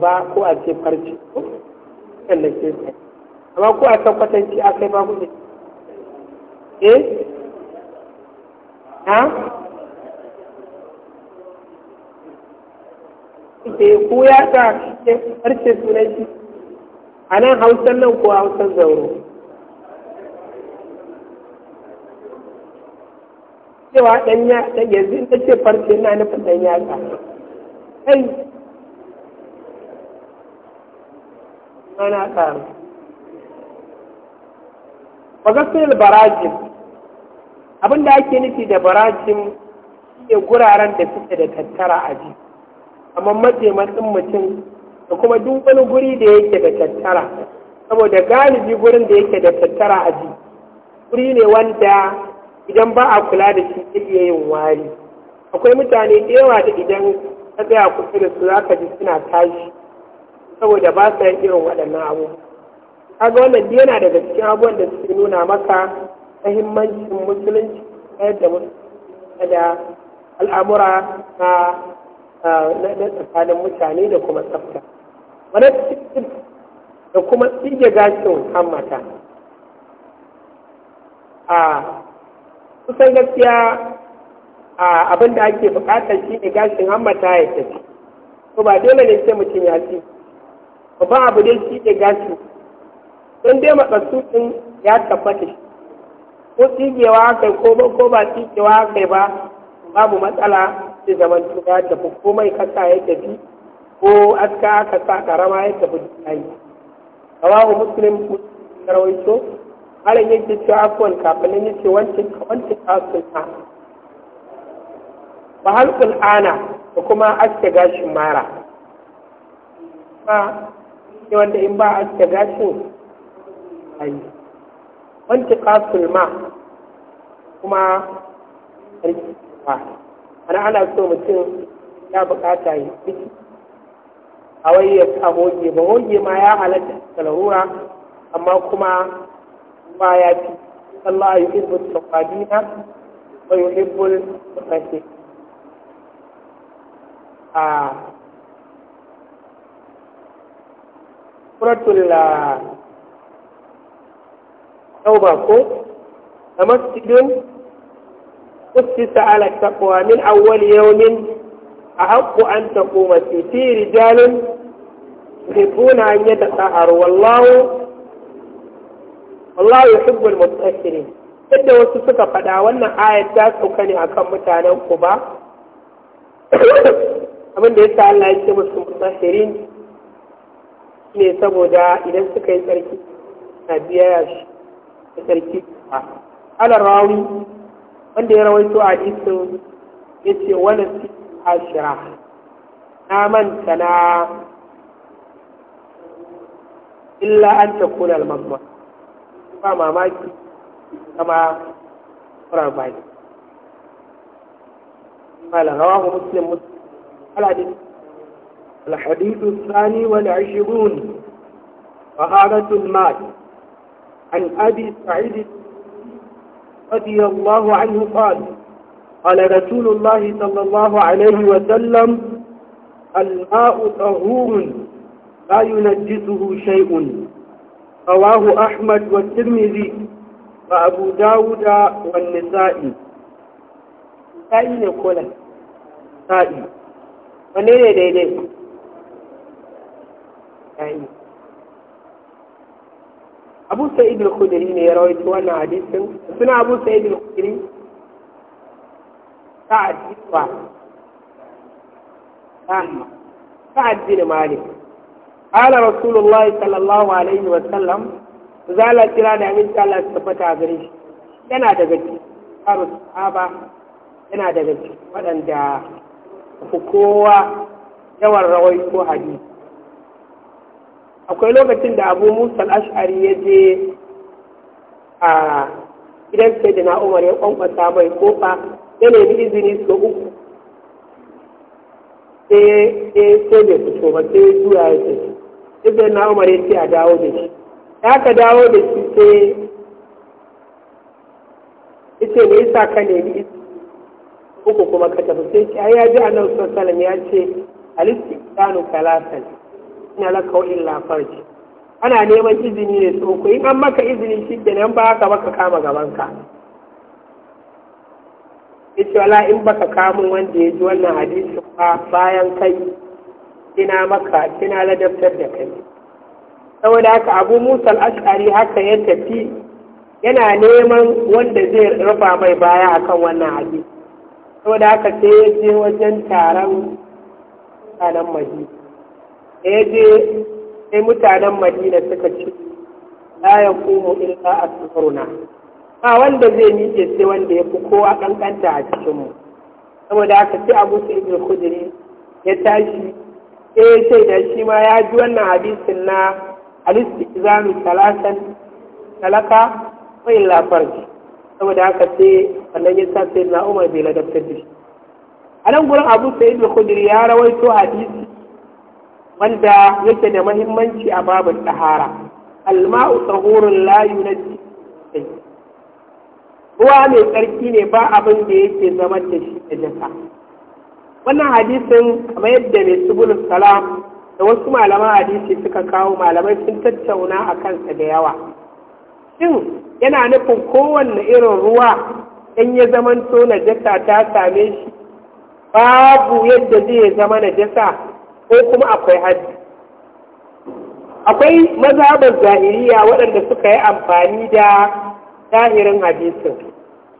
ba ko a ce farci kan da ke amma ko a san kwatanci a kai babu ne eh ha ke ku ya ta farce sunan shi a nan hausan nan ko hausan zauro cewa ɗan ya yanzu in ta ce farce na nufin ɗan ta sosai ana ƙaru fagasul barajin abinda ake nufi da barajin ke guraren da suke da tattara a ji amma matsin mutum da kuma duk guri da yake da tattara saboda galibi gurin da yake da tattara a ji guri ne wanda idan ba a kula da shi iya yin wari akwai mutane da yawa da idan ka tsaya kusa da su za ka ji suna tashi saboda ba sa yi irin waɗannan abubuwa kaga wannan yana daga cikin abubuwan da suke nuna maka mahimmancin musulunci ta yadda musulunci da al'amura na tsakanin mutane da kuma tsafta wani cikin da kuma tsige gashin hammata a kusan gaskiya abin da ake bukatar shi ne gashin hammata ya tafi Ko ba dole ne sai mutum ya ci babban abu dai shi ne gashi don dai matsatsutsun din ya tabbata shi ko tsigewa kai ko ba ko ba tsigewa kai ba babu matsala ce zaman tuka ya tafi ko mai kasa ya tafi ko aska aka sa karama ya tafi yayi kawahu muslim rawaito har yake cewa afwan kafin yake wancin wancin asunta ba halqul ana da kuma aske gashin mara ba ne wanda in ba aske gashin ayi wanti qasul ma kuma ba ana ana so mutum ya bukata yi a wai ya sa hoge ba hoge ma ya halatta talahura amma kuma ba ya fi Allah yuhibbu taqadina wa yi ibu mutahhirin a suratul uh, tauba ko da masjidin usisa ala taqwa min awwal yawmin ahaqqu an taɓo taquma fi rijalun yuhibbuna an yatatahharu wallahu wallahu yuhibbul mutatahhirin yadda wasu suka faɗa wannan ayat ta sauka ne akan mutanen ku ba [coughs] abin da sa Allah ya ce musu mutahirin ne saboda idan suka yi tsarki na biya shi da tsarki ala rawi wanda ya rawaito a hadisin ya ce wani fi ashira na manta na illa an ta kuna almamma ba mamaki kama kurar baki. rawa rawahu muslim muslim الحديث الحديث الثاني والعشرون طهارة المال عن أبي سعيد رضي الله عنه قال قال رسول الله صلى الله عليه وسلم الماء طهور لا ينجسه شيء رواه أحمد والترمذي وأبو داود والنسائي نسائي يقول نسائي wanne ne daidai abu sa'id al-khudri ne ya rawaito wannan hadisin suna abu sa'id al-khudri sa'ad ba sa'ad bin malik قال رسول الله صلى الله عليه وسلم zala kira da aminci Allah su tafata a gare shi yana daga cikin sahaba yana daga cikin waɗanda ku kowa yawan ko hadisi akwai lokacin da abu musa al'ashari ya je a gidan sai na umar ya kwankwasa mai kofa ya nemi izini so uku sai bai fito ba sai zuwa ya ce izini na umar ya ce a dawo da shi ya ka dawo da shi sai ita ne yasa ka nemi izini uku kuma ka tafi sai ce ya ji nan sallallahu alaihi ya ce alistiqanu kalasan ina laka wa illa farji ana neman izini ne su. ku in an maka izini shi da nan ba haka baka kama gabanka ce wala in baka kamun wanda ya ji wannan hadisi ba bayan kai kina maka kina ladabtar da kai saboda haka abu musa al'ashari haka ya tafi yana neman wanda zai rufa mai baya akan wannan hadisi to da aka sai ya je wajen taron mutanen madina ya je sai mutanen madina suka ce la ya kuma ilka a tsoruna ba wanda zai miƙe sai wanda ya fi kowa ƙanƙanta a cikinmu saboda aka ce abu su ibi kudiri ya tashi sai ya shaida shi ma ya ji wannan hadisin na zanu talatan talaka mai lafarki saboda haka sai wannan ya sa sai na umar bai ladabtar da shi a nan gurin abu sai da kudiri ya rawaito hadisi wanda yake da mahimmanci a babin tahara alma'u tsahurun layu na sai ruwa mai tsarki ne ba abin da yake zama da shi da jaka wannan hadisin kamar yadda mai subulus salam da wasu malaman hadisi suka kawo malamai sun tattauna a kansa da yawa ɗin yana nufin kowanne irin ruwa in ya zamanto jasa ta same shi babu yadda zai zama na jasa? ko kuma akwai haddi akwai ba zahiriya waɗanda suka yi amfani da zahirin hadisin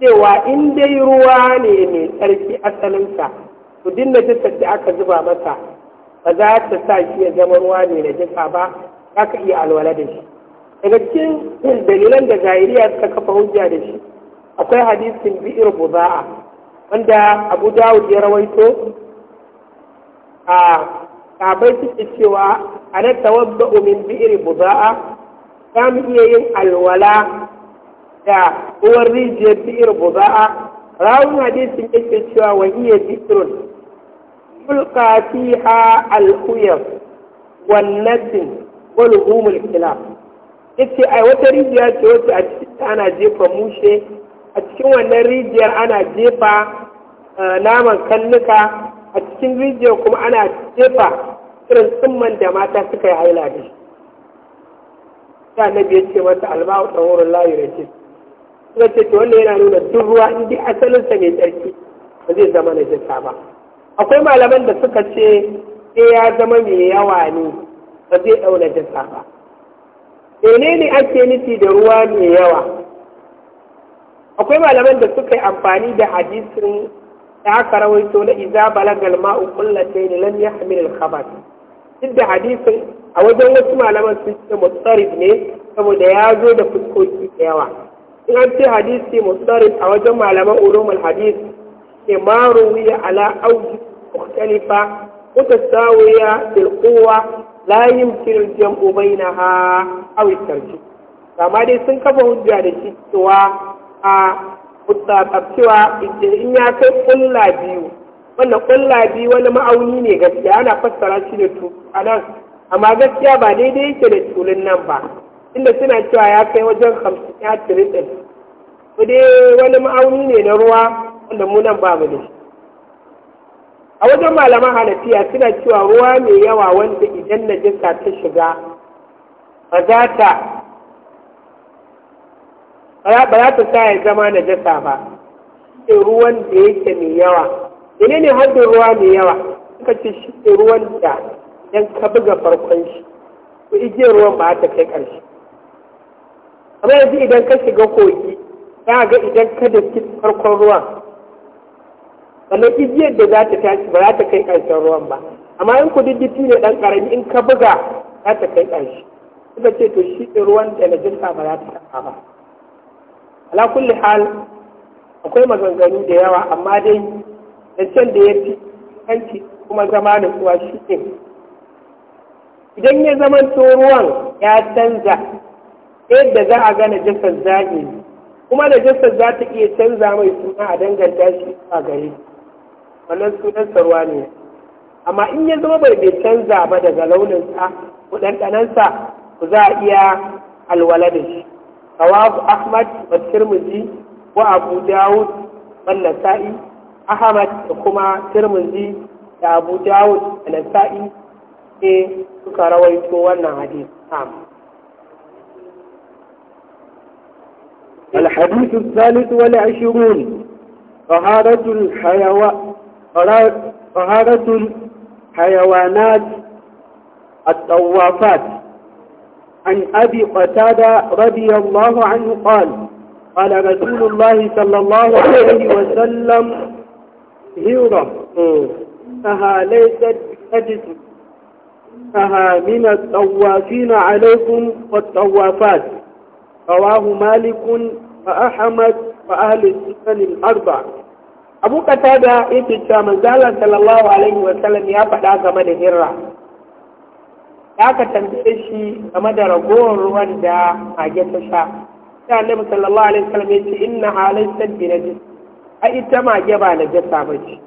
cewa in dai ruwa ne mai tsarki asalinsa to na jasa da aka zuba masa ba za ta sa shi ya zama ruwa mai jasa ba za ka iya alwala da shi daga cikin dalilan da jahiliya suka kafa hujja da shi akwai hadisin bi'ir buza'a wanda abu dawud ya rawaito a sabai suke cewa a na tawadda min bi'ir buza'a za mu iya yin alwala da uwar rijiyar bi'ir buza'a rawun hadisin yake cewa wa iya bi'irun tulka fiha al-khuyar wannan wal humul kilab yace ai wata rijiya ce wacce a cikin ana jefa mushe a cikin wannan rijiyar ana jefa eh, naman kalluka a cikin rijiyar kuma ana jefa irin tsumman da mata suka yi haila da shi sai annabi ya ce masa alba'u tsawurin layu da ce suka ce ta wannan yana nuna duk ruwa in dai asalinsa mai tsarki ba zai zama na jinta ba akwai malaman da suka ce sai eh, ya zama mai yawa ne ba zai ɗauna jinta ba menene ake nufi da ruwa mai yawa akwai malaman da suka yi amfani da hadisin da aka rawaito na iza balagal ma'u kullatai ne lam al-khabath duk da hadisin a wajen wasu malaman sun ce mutsarif ne saboda ya zo da fuskoki da yawa in an ce hadisi mutsarif a wajen malaman ulumul hadis ke maruwiya ala auji mukhtalifa mutasawiya bil quwwa la yumkinu na ha aw tarjih amma dai sun kafa hujja da shi cewa a cewa in ya kai kulla biyu wannan kulla biyu wani ma'auni ne gaskiya ana fassara shi da tu a nan amma gaskiya ba daidai yake da tulun nan ba inda suna cewa ya kai wajen hamsin ya ɗin. dai wani ma'auni ne na ruwa wanda mu nan ba mu da shi a wajen malaman hanafiya suna cewa ruwa mai yawa wanda idan najasa ta shiga ba za ta ba za ta sa ya zama najasa ba shi ruwan da yake mai yawa menene haddin ruwa mai yawa suka ce shi ne ruwan da idan ka buga farkon shi ko ije ruwan ba ta kai ƙarshe amma yanzu idan ka shiga kogi za ga idan ka da farkon ruwan sannan igiyar da za ta tashi ba za ta kai ƙarshen ruwan ba amma in ku diddifi ne ɗan ƙarami in ka buga za ta kai ƙarshe suka ce to shi ruwan da na jirka ba za ta taɓa ba ala kulli hal akwai maganganu da yawa amma dai zancen da ya fi kanci kuma zama da kuwa shi ɗin. idan ya zama ruwan ya canza yadda za a gane jasar zagi kuma da jasar za ta iya canza mai suna a danganta shi a gare wannan sunan sarwa ne amma in ya zama bai bai canza ba daga launinsa ko ɗanɗanansa ku za a iya alwala da shi rawahu ahmad wa tirmidhi wa abu dawud wa nasa'i ahmad da kuma tirmidhi da abu dawud da nasa'i ne eh, suka rawaito wannan hadisi الحديث الثالث والعشرون طهارة الحيوان طهارة حيوانات الطوافات عن أبي قتادة رضي الله عنه قال قال رسول الله صلى الله عليه وسلم هيرة أها ليست أجد أها من الطوافين عليكم والطوافات رواه مالك وأحمد وأهل السنن الأربع abu kata da yake cewa manzalar sallallahu alaihi wasallam ya faɗa game da hirra ya ka tambaye shi game da ragowar ruwan da mage ta sha sai annabi sallallahu alaihi wasallam ya ce inna halaysa bi najis a ita mage ba najasa ba ce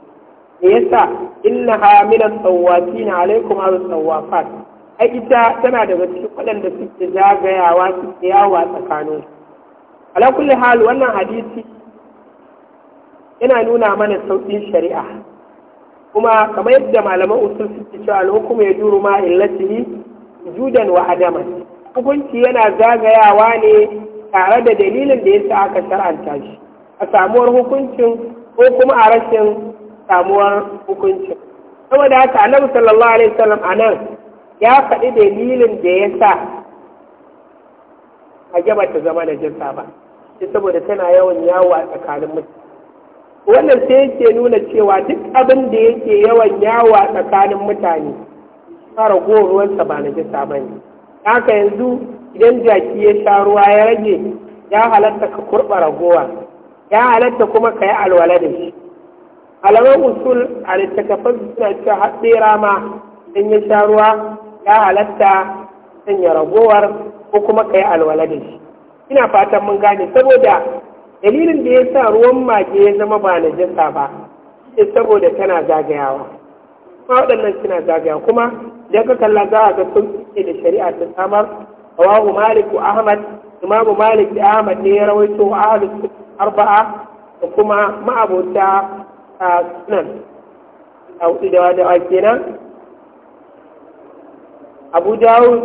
me yasa inna na min at-tawwafin alaikum aw at-tawwafat ai ita tana daga cikin waɗanda suke zagayawa suke yawa tsakanin ala kulli hal wannan hadisi yana nuna mana sauƙin shari'a kuma kamar yadda malaman usul suke cewa alhukum ya duru ma illatihi judan wa adaman hukunci yana zagayawa ne tare da dalilin da yasa aka shar'anta shi a samuwar hukuncin ko kuma a rashin samuwar hukuncin saboda haka annabi sallallahu alaihi wasallam anan ya faɗi dalilin da yasa a gaba ta zama da jinsa ba saboda tana yawan yawo a tsakanin mutane wannan sai yake nuna cewa duk abin da yake yawan yawa tsakanin mutane fara ruwansa ba na jisa ba ne haka yanzu idan jaki ya sha ruwa ya rage ya halatta ka kurɓa ragowa ya halatta kuma ka yi alwala da shi Alamar usul a littattafan suna cewa haɗera ma in ya sha ruwa ya halatta sanya ragowar ko kuma ka yi alwala da shi ina fatan mun gane saboda dalilin da ya sa ruwan mage ya zama ba na jinsa ba sai saboda tana zagayawa kuma waɗannan suna zagaya kuma idan ka kalla za a ga sun da shari'a ta samar rawahu malik ahmad imamu malik da ahmad ne ya rawaito a arba'a da kuma ma'abota a sunan a hudu da kenan abu dawud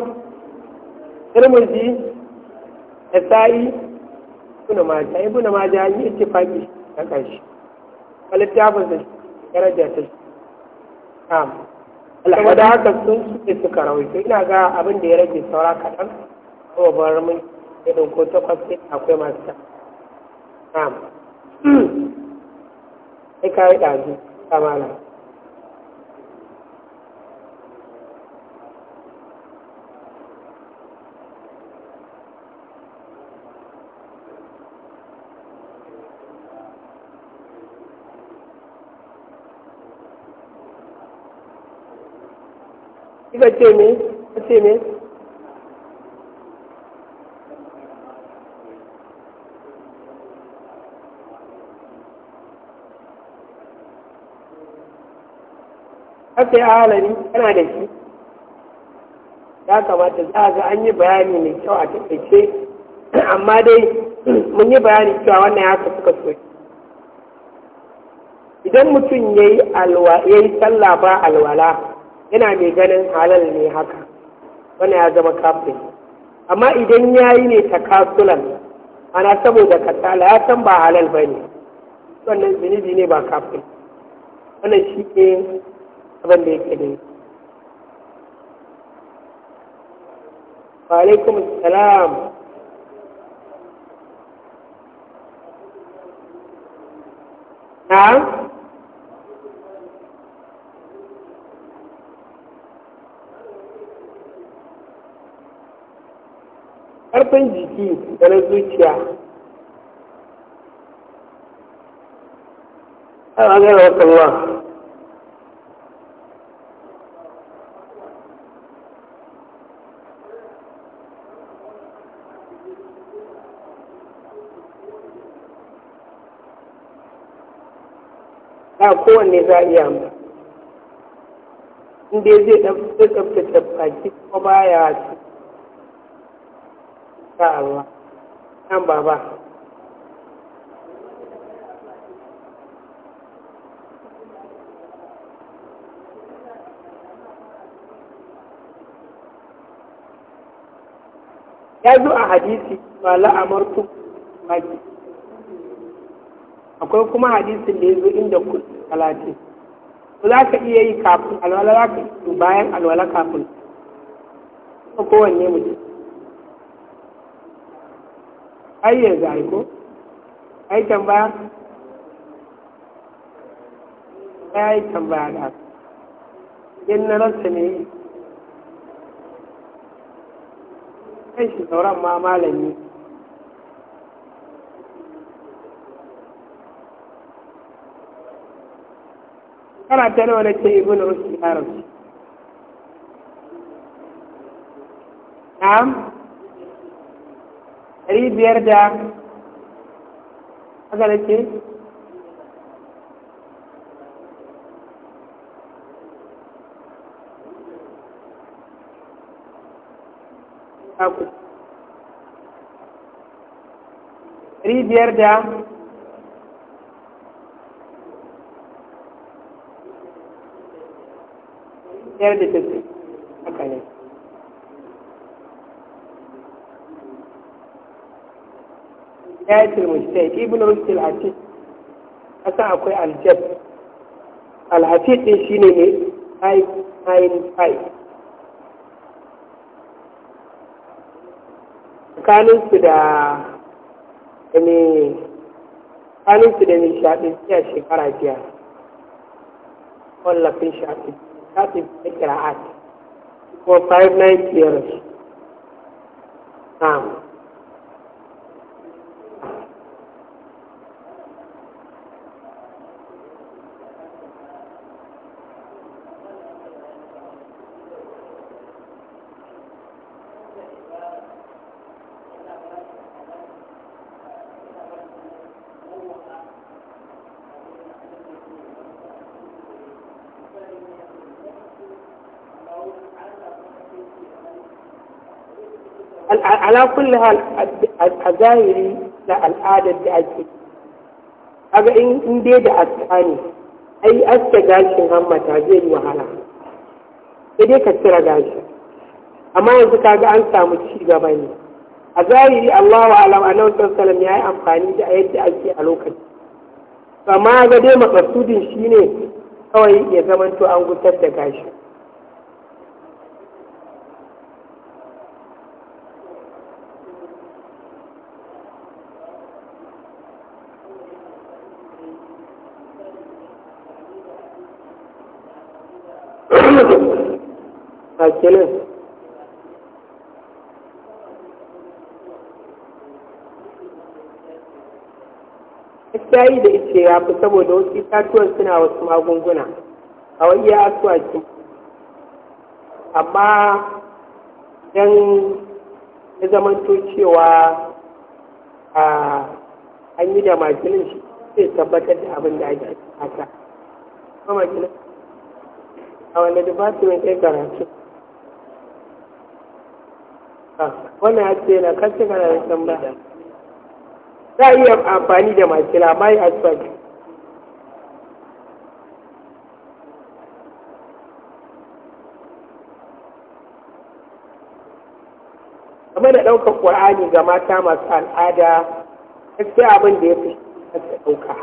ibn majah ibn majah ya yi ittifaqi a kanshi a littafin da daraja ta shi am da haka sun suke suka rawaito ina ga abin da ya rage saura kaɗan kuma bar mun ya ɗauko takwas sai akwai masu ta am sai ka yi ɗazu kamala kika ce me ce me aka yi yana da shi ya kamata za a ga an yi bayani mai kyau a taƙaice amma dai mun yi bayani cewa wannan ya ka suka so idan mutum ya yi sallah ba alwala yana mai ganin halal ne haka wannan ya zama kafin amma idan ya yi ne ta kasulan ana saboda kasala ya san ba halal ba ne wannan zunubi ne ba kafin wannan shi ke abin da yake ne alaikum salam na'am ƙarfin jiki da na zuciya a gane wata ruwa a kowanne za a iya mu inda zai tsabtace baki kuma baya cikin ba kan baba ya zo a hadisi ba la'amartu baki akwai kuma hadisin da ya zo inda kun talatin ko za ka iya yi kafin alwala za ka yi bayan alwala kafin ko kowanne mutum ai yanzu ai ko ai tambaya ai tambaya da in na rasa ne kai shi sauran ma malami kana ta nawa nake ibnu rushd ya rasu na'am ɗari biyar da haka da ke ɗari biyar da biyar da tafi ayatul mujtahid ibn rushd al-hatib asa akwai aljab al-hatib din shine ne ai ai ai kanin su da ne kanin su da ne shafi ya shekara biyar wallafin shaɗin shaɗin da kira'at ko 590 years. Na'am. ala kulli hal a zahiri na al'adar da ake kaga in dai da aska ne ai aske gashin hammata zai yi wahala sai dai ka cire gashi amma yanzu kaga an samu ci gaba ne a zahiri Allah wa alam annabi sallallahu alaihi ya yi amfani da yadda ake a lokaci amma ga dai makasudin shine kawai ya zamanto an gusar da gashi akele yi da ice ya fi saboda wasu itatuwan suna wasu magunguna a wani ya ake amma don ya to cewa a an yi da makilin shi ke tabbatar da abin da ake haka kuma makilin a wanda da ba su mai karatu wani haske na kan kanar da tambaya za a iya amfani da masu bayan asfalt game da ɗaukar ƙwar'ani ga mata masu al'ada gaskiya abin da ya fi shi ɗauka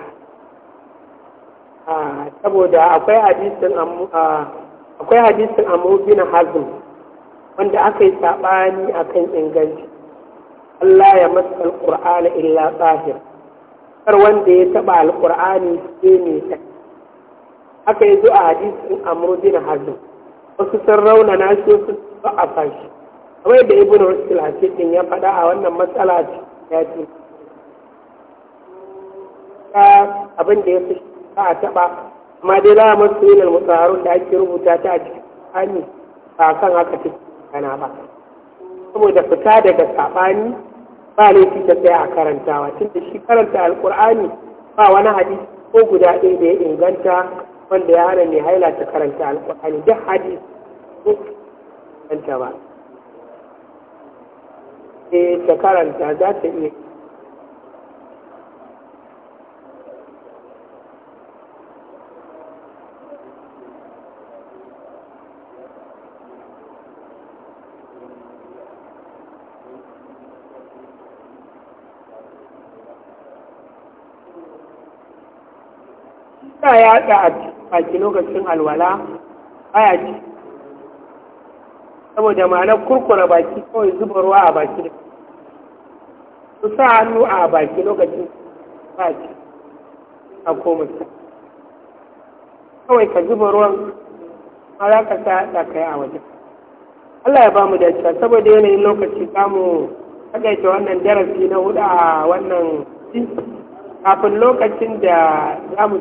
ah, saboda akwai hadisin ah, akwai hadisin amu bin wanda aka yi saɓani a kan inganci Allah ya masu alƙur'ana illa tsahir kar wanda ya taɓa alƙur'ani sai ne ta aka yi zuwa hadisin amrudin hazin wasu sun rauna na shi wasu ba a fashi kamar yadda ibn rushd al ya faɗa a wannan matsala ya ce abin da ya fi ba a taɓa amma dai za a masu yin al da ake rubuta ta a cikin ba kan haka take kankana ba saboda fita daga saɓani ba laifi ta tsaya a karantawa tunda shi karanta alkur'ani ba wani hadisi ko guda ɗaya da ya inganta wanda ya hana mai haila ta karanta alkur'ani duk hadisi ko karanta ba eh, ta karanta za ta iya ya haɗa a cikin lokacin alwala ya ci saboda ma'anar kurkura baki kawai zuba ruwa a baki da su sa hannu a baki lokacin ba ci a komisar kawai ka zuba ruwan ma ka sa da kai a wajen Allah ya ba mu dace saboda yanayin lokaci samu takaita wannan darasi na hudu a wannan kafin lokacin da za mu